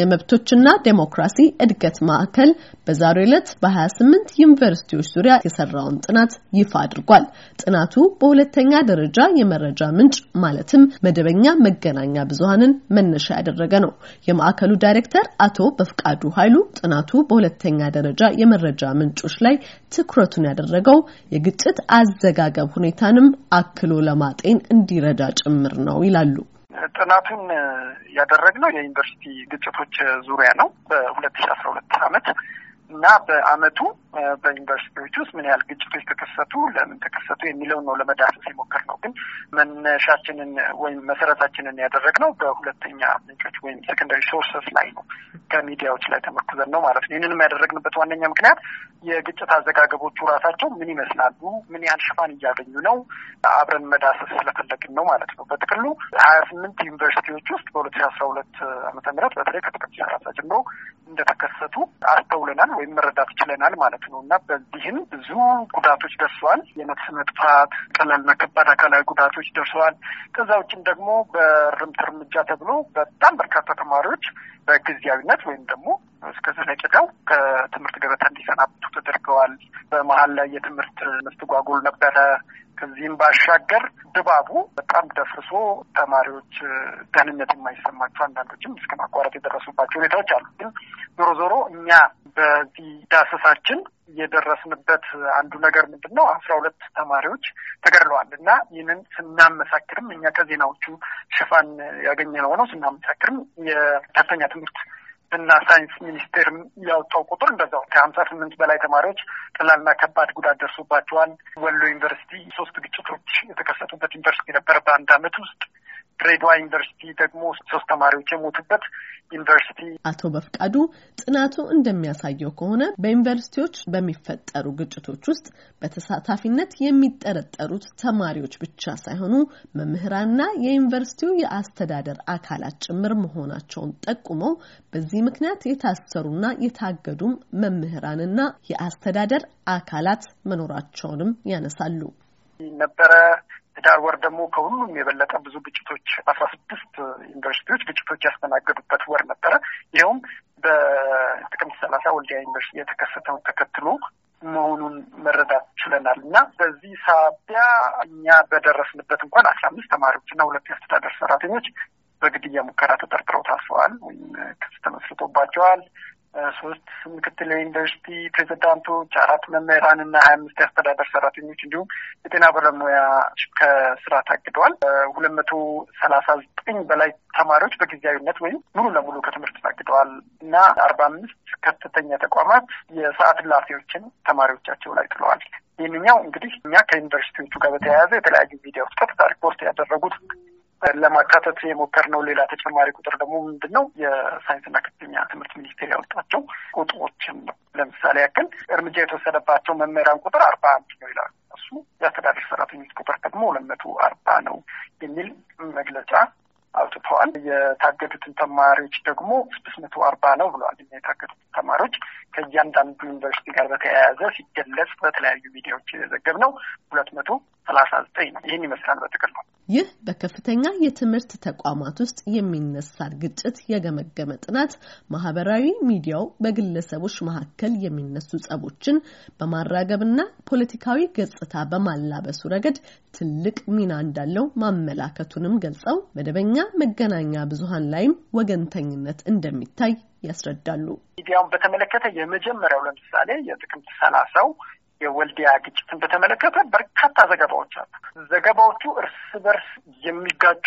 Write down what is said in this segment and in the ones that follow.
የመብቶችና ዴሞክራሲ እድገት ማዕከል በዛሬው ዕለት በ28 ዩኒቨርሲቲዎች ዙሪያ የሰራውን ጥናት ይፋ አድርጓል። ጥናቱ በሁለተኛ ደረጃ የመረጃ ምንጭ ማለትም መደበኛ መገናኛ ብዙሃንን መነሻ ያደረገ ነው። የማዕከሉ ዳይሬክተር አቶ በፍቃዱ ኃይሉ ጥናቱ በሁለተኛ ደረጃ የመረጃ ምንጮች ላይ ትኩረቱን ያደረገው የግጭት አዘጋገብ ሁኔታንም አክሎ ለማጤን እንዲረዳ ጭምር ነው ይላሉ። ጥናቱን ያደረግነው የዩኒቨርሲቲ ግጭቶች ዙሪያ ነው በሁለት ሺ አስራ ሁለት አመት እና በአመቱ በዩኒቨርሲቲዎች ውስጥ ምን ያህል ግጭቶች ተከሰቱ፣ ለምን ተከሰቱ የሚለውን ነው ለመዳሰስ ነው። ግን መነሻችንን ወይም መሰረታችንን ያደረግነው በሁለተኛ ምንጮች ወይም ሴኮንዳሪ ሶርሰስ ላይ ነው፣ ከሚዲያዎች ላይ ተመርኩዘን ነው ማለት ነው። ይህንንም ያደረግንበት ዋነኛ ምክንያት የግጭት አዘጋገቦቹ ራሳቸው ምን ይመስላሉ፣ ምን ያህል ሽፋን እያገኙ ነው፣ አብረን መዳሰስ ስለፈለግን ነው ማለት ነው። በጥቅሉ ሀያ ስምንት ዩኒቨርሲቲዎች ውስጥ በሁለት ሺ አስራ ሁለት ዓመተ ምህረት በተለይ ከጥቅምት ሰላሳ ጀምሮ እንደተከሰቱ አስተውለናል ወይም መረዳት ችለናል ማለት ነው። ነው እና በዚህም ብዙ ጉዳቶች ደርሰዋል። የነፍስ መጥፋት፣ ቀላልና ከባድ አካላዊ ጉዳቶች ደርሰዋል። ከዛ ውጭም ደግሞ በርምት እርምጃ ተብሎ በጣም በርካታ ተማሪዎች በጊዜያዊነት ወይም ደግሞ እስከ ዘለቄታው ከትምህርት ገበታ እንዲሰናብቱ ተደርገዋል። በመሀል ላይ የትምህርት መስተጓጎል ነበረ። ከዚህም ባሻገር ድባቡ በጣም ደፍርሶ ተማሪዎች ደህንነት የማይሰማቸው አንዳንዶችም እስከ ማቋረጥ የደረሱባቸው ሁኔታዎች አሉ። ግን ዞሮ ዞሮ እኛ በዚህ ዳሰሳችን የደረስንበት አንዱ ነገር ምንድን ነው? አስራ ሁለት ተማሪዎች ተገድለዋል እና ይህንን ስናመሳክርም እኛ ከዜናዎቹ ሽፋን ያገኘነው ነው። ስናመሳክርም የከፍተኛ ትምህርት እና ሳይንስ ሚኒስቴር ያወጣው ቁጥር እንደዛው ከሀምሳ ስምንት በላይ ተማሪዎች ቀላልና ከባድ ጉዳት ደርሶባቸዋል። ወሎ ዩኒቨርሲቲ ሶስት ግጭቶች የተከሰቱበት ዩኒቨርሲቲ ነበር በአንድ አመት ውስጥ ድሬዳዋ ዩኒቨርሲቲ ደግሞ ሶስት ተማሪዎች የሞቱበት ዩኒቨርሲቲ። አቶ በፍቃዱ ጥናቱ እንደሚያሳየው ከሆነ በዩኒቨርሲቲዎች በሚፈጠሩ ግጭቶች ውስጥ በተሳታፊነት የሚጠረጠሩት ተማሪዎች ብቻ ሳይሆኑ መምህራንና የዩኒቨርሲቲው የአስተዳደር አካላት ጭምር መሆናቸውን ጠቁመው በዚህ ምክንያት የታሰሩና የታገዱም መምህራንና የአስተዳደር አካላት መኖራቸውንም ያነሳሉ ነበረ ህዳር ወር ደግሞ ከሁሉም የበለጠ ብዙ ግጭቶች አስራ ስድስት ዩኒቨርሲቲዎች ግጭቶች ያስተናገዱበት ወር ነበረ። ይኸውም በጥቅምት ሰላሳ ወልዲያ ዩኒቨርሲቲ የተከሰተው ተከትሎ መሆኑን መረዳት ችለናል እና በዚህ ሳቢያ እኛ በደረስንበት እንኳን አስራ አምስት እና ሁለት የአስተዳደር ሰራተኞች በግድያ ሙከራ ተጠርጥረው ታስረዋል ወይም ክስ ተመስርቶባቸዋል። ሶስት ምክትል ዩኒቨርሲቲ ፕሬዚዳንቶች፣ አራት መምህራን እና ሀያ አምስት የአስተዳደር ሰራተኞች እንዲሁም የጤና ባለሙያ ከስራ ታግደዋል። ሁለት መቶ ሰላሳ ዘጠኝ በላይ ተማሪዎች በጊዜያዊነት ወይም ሙሉ ለሙሉ ከትምህርት ታግደዋል እና አርባ አምስት ከፍተኛ ተቋማት የሰዓት እላፊዎችን ተማሪዎቻቸው ላይ ጥለዋል። ይህንኛው እንግዲህ እኛ ከዩኒቨርሲቲዎቹ ጋር በተያያዘ የተለያዩ ሚዲያዎች ቀጥታ ሪፖርት ያደረጉት ለማካተት ነው ሌላ ተጨማሪ ቁጥር ደግሞ ምንድን ነው የሳይንስና ከፍተኛ ትምህርት ሚኒስቴር ያወጣቸው ቁጥሮችን ነው። ለምሳሌ ያክል እርምጃ የተወሰደባቸው መምህራን ቁጥር አርባ አንድ ነው ይላሉ። እሱ የአስተዳደር ሰራተኞች ቁጥር ደግሞ ሁለት መቶ አርባ ነው የሚል መግለጫ አውጥተዋል። የታገዱትን ተማሪዎች ደግሞ ስድስት መቶ አርባ ነው ብለዋል። የታገዱትን ተማሪዎች ከእያንዳንዱ ዩኒቨርሲቲ ጋር በተያያዘ ሲገለጽ በተለያዩ ሚዲያዎች የዘገብ ነው ሁለት መቶ ሰላሳ ዘጠኝ ነው። ይህን ይመስላል በጥቅል ነው። ይህ በከፍተኛ የትምህርት ተቋማት ውስጥ የሚነሳን ግጭት የገመገመ ጥናት ማህበራዊ ሚዲያው በግለሰቦች መካከል የሚነሱ ጸቦችን በማራገብና ፖለቲካዊ ገጽታ በማላበሱ ረገድ ትልቅ ሚና እንዳለው ማመላከቱንም ገልጸው መደበኛ መገናኛ ብዙሃን ላይም ወገንተኝነት እንደሚታይ ያስረዳሉ። ሚዲያውን በተመለከተ የመጀመሪያው ለምሳሌ የጥቅምት ሰላሳው የወልዲያ ግጭትን በተመለከተ በርካታ ዘገባዎች አሉ። ዘገባዎቹ እርስ በርስ የሚጋጩ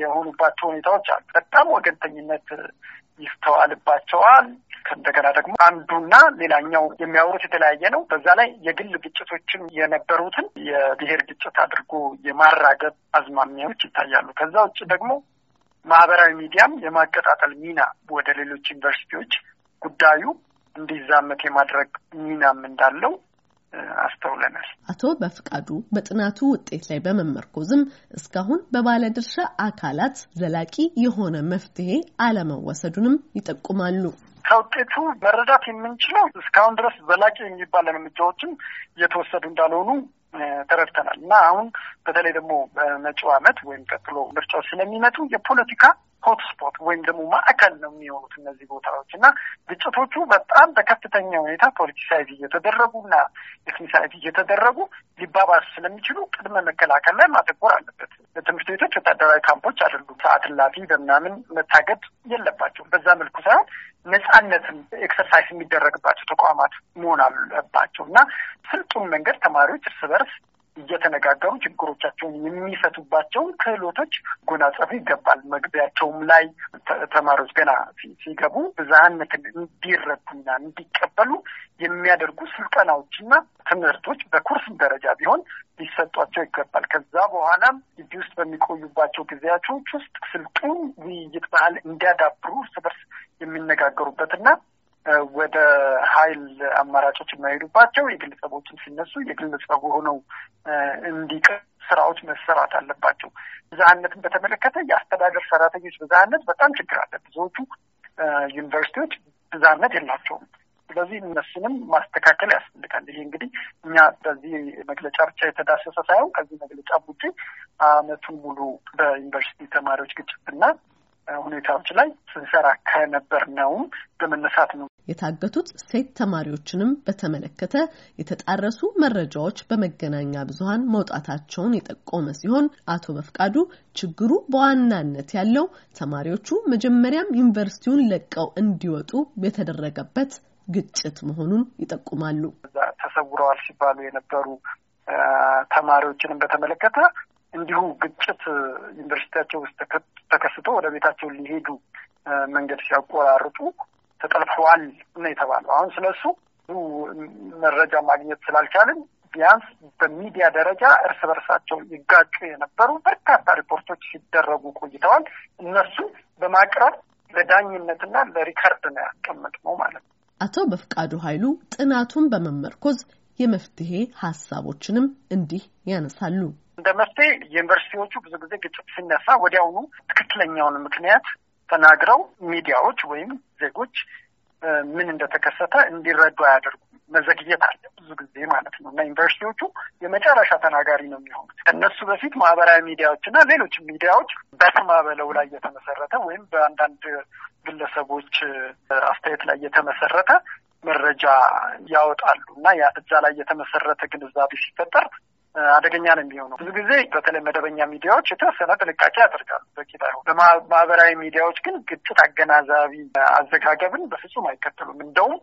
የሆኑባቸው ሁኔታዎች አሉ። በጣም ወገንተኝነት ይስተዋልባቸዋል። ከእንደገና ደግሞ አንዱና ሌላኛው የሚያወሩት የተለያየ ነው። በዛ ላይ የግል ግጭቶችን የነበሩትን የብሔር ግጭት አድርጎ የማራገብ አዝማሚያዎች ይታያሉ። ከዛ ውጭ ደግሞ ማህበራዊ ሚዲያም የማቀጣጠል ሚና ወደ ሌሎች ዩኒቨርሲቲዎች ጉዳዩ እንዲዛመት የማድረግ ሚናም እንዳለው አስተውለናል። አቶ በፍቃዱ በጥናቱ ውጤት ላይ በመመርኮዝም እስካሁን በባለድርሻ አካላት ዘላቂ የሆነ መፍትሄ አለመወሰዱንም ይጠቁማሉ። ከውጤቱ መረዳት የምንችለው እስካሁን ድረስ ዘላቂ የሚባል እርምጃዎችን እየተወሰዱ እንዳልሆኑ ተረድተናል እና አሁን በተለይ ደግሞ በመጪው ዓመት ወይም ቀጥሎ ምርጫዎች ስለሚመጡ የፖለቲካ ሆትስፖት ወይም ደግሞ ማዕከል ነው የሚሆኑት እነዚህ ቦታዎች እና ግጭቶቹ በጣም በከፍተኛ ሁኔታ ፖለቲሳይዝ እየተደረጉ እና ኤትኒሳይዝ እየተደረጉ ሊባባስ ስለሚችሉ ቅድመ መከላከል ላይ ማተኮር አለበት። ትምህርት ቤቶች ወታደራዊ ካምፖች አይደሉም። ሰዓት እላፊ በምናምን መታገድ የለባቸውም። በዛ መልኩ ሳይሆን ነጻነትን ኤክሰርሳይዝ የሚደረግባቸው ተቋማት መሆን አለባቸው እና ስልጡን መንገድ ተማሪዎች እርስ በርስ እየተነጋገሩ ችግሮቻቸውን የሚፈቱባቸውን ክህሎቶች ጎናጸፉ ይገባል። መግቢያቸውም ላይ ተማሪዎች ገና ሲገቡ ብዝሃነትን እንዲረዱና እንዲቀበሉ የሚያደርጉ ስልጠናዎችና ትምህርቶች በኩርስ ደረጃ ቢሆን ሊሰጧቸው ይገባል። ከዛ በኋላም ግቢ ውስጥ በሚቆዩባቸው ጊዜያቸዎች ውስጥ ስልጡን ውይይት ባህል እንዲያዳብሩ እርስ በርስ የሚነጋገሩበትና ወደ ኃይል አማራጮች የማይሄዱባቸው የግል ሲነሱ የግል ሆነው እንዲቀ ስራዎች መሰራት አለባቸው። ብዝሃነትን በተመለከተ የአስተዳደር ሰራተኞች ብዝሃነት በጣም ችግር አለ። ብዙዎቹ ዩኒቨርሲቲዎች ብዝሃነት የላቸውም። ስለዚህ እነሱንም ማስተካከል ያስፈልጋል። ይሄ እንግዲህ እኛ በዚህ መግለጫ ብቻ የተዳሰሰ ሳይሆን ከዚህ መግለጫ ውጪ አመቱን ሙሉ በዩኒቨርሲቲ ተማሪዎች ግጭትና ሁኔታዎች ላይ ስንሰራ ነውም በመነሳት ነው። የታገቱት ሴት ተማሪዎችንም በተመለከተ የተጣረሱ መረጃዎች በመገናኛ ብዙኃን መውጣታቸውን የጠቆመ ሲሆን አቶ በፍቃዱ ችግሩ በዋናነት ያለው ተማሪዎቹ መጀመሪያም ዩኒቨርሲቲውን ለቀው እንዲወጡ የተደረገበት ግጭት መሆኑን ይጠቁማሉ። ተሰውረዋል ሲባሉ የነበሩ ተማሪዎችንም በተመለከተ እንዲሁ ግጭት ዩኒቨርሲቲያቸው ውስጥ ተከስቶ ወደ ቤታቸው ሊሄዱ መንገድ ሲያቆራርጡ ተጠልፈዋል ነው የተባለው። አሁን ስለሱ ብዙ መረጃ ማግኘት ስላልቻልን ቢያንስ በሚዲያ ደረጃ እርስ በርሳቸው ይጋጩ የነበሩ በርካታ ሪፖርቶች ሲደረጉ ቆይተዋል። እነሱን በማቅረብ ለዳኝነትና ለሪከርድ ነው ያስቀመጥነው ማለት ነው። አቶ በፍቃዱ ኃይሉ ጥናቱን በመመርኮዝ የመፍትሄ ሀሳቦችንም እንዲህ ያነሳሉ። እንደ መፍትሄ ዩኒቨርሲቲዎቹ ብዙ ጊዜ ግጭት ሲነሳ ወዲያውኑ ትክክለኛውን ምክንያት ተናግረው ሚዲያዎች ወይም ዜጎች ምን እንደተከሰተ እንዲረዱ አያደርጉም። መዘግየት አለ ብዙ ጊዜ ማለት ነው እና ዩኒቨርሲቲዎቹ የመጨረሻ ተናጋሪ ነው የሚሆኑት። ከእነሱ በፊት ማህበራዊ ሚዲያዎች እና ሌሎች ሚዲያዎች በስማ በለው ላይ የተመሰረተ ወይም በአንዳንድ ግለሰቦች አስተያየት ላይ የተመሰረተ መረጃ ያወጣሉ እና እዛ ላይ የተመሰረተ ግንዛቤ ሲፈጠር አደገኛ ነው የሚሆነው። ብዙ ጊዜ በተለይ መደበኛ ሚዲያዎች የተወሰነ ጥንቃቄ ያደርጋሉ፣ በቂ ባይሆን። በማህበራዊ ሚዲያዎች ግን ግጭት አገናዛቢ አዘጋገብን በፍጹም አይከተሉም። እንደውም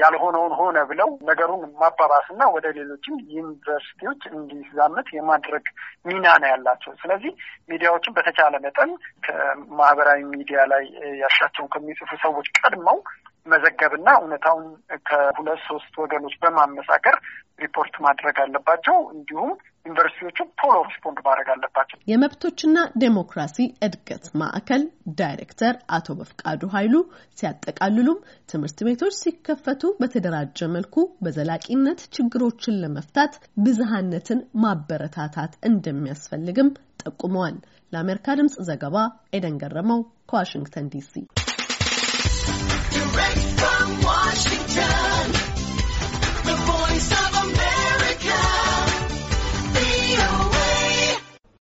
ያልሆነውን ሆነ ብለው ነገሩን ማባባስና ወደ ሌሎችም ዩኒቨርሲቲዎች እንዲዛመት የማድረግ ሚና ነው ያላቸው። ስለዚህ ሚዲያዎችን በተቻለ መጠን ከማህበራዊ ሚዲያ ላይ ያሻቸውን ከሚጽፉ ሰዎች ቀድመው መዘገብና እውነታውን ከሁለት ሶስት ወገኖች በማመሳከር ሪፖርት ማድረግ አለባቸው። እንዲሁም ዩኒቨርሲቲዎቹ ፖሎ ሪስፖንድ ማድረግ አለባቸው። የመብቶችና ዴሞክራሲ እድገት ማዕከል ዳይሬክተር አቶ በፍቃዱ ኃይሉ ሲያጠቃልሉም ትምህርት ቤቶች ሲከፈቱ በተደራጀ መልኩ በዘላቂነት ችግሮችን ለመፍታት ብዝሃነትን ማበረታታት እንደሚያስፈልግም ጠቁመዋል። ለአሜሪካ ድምጽ ዘገባ ኤደን ገረመው ከዋሽንግተን ዲሲ 放我心间。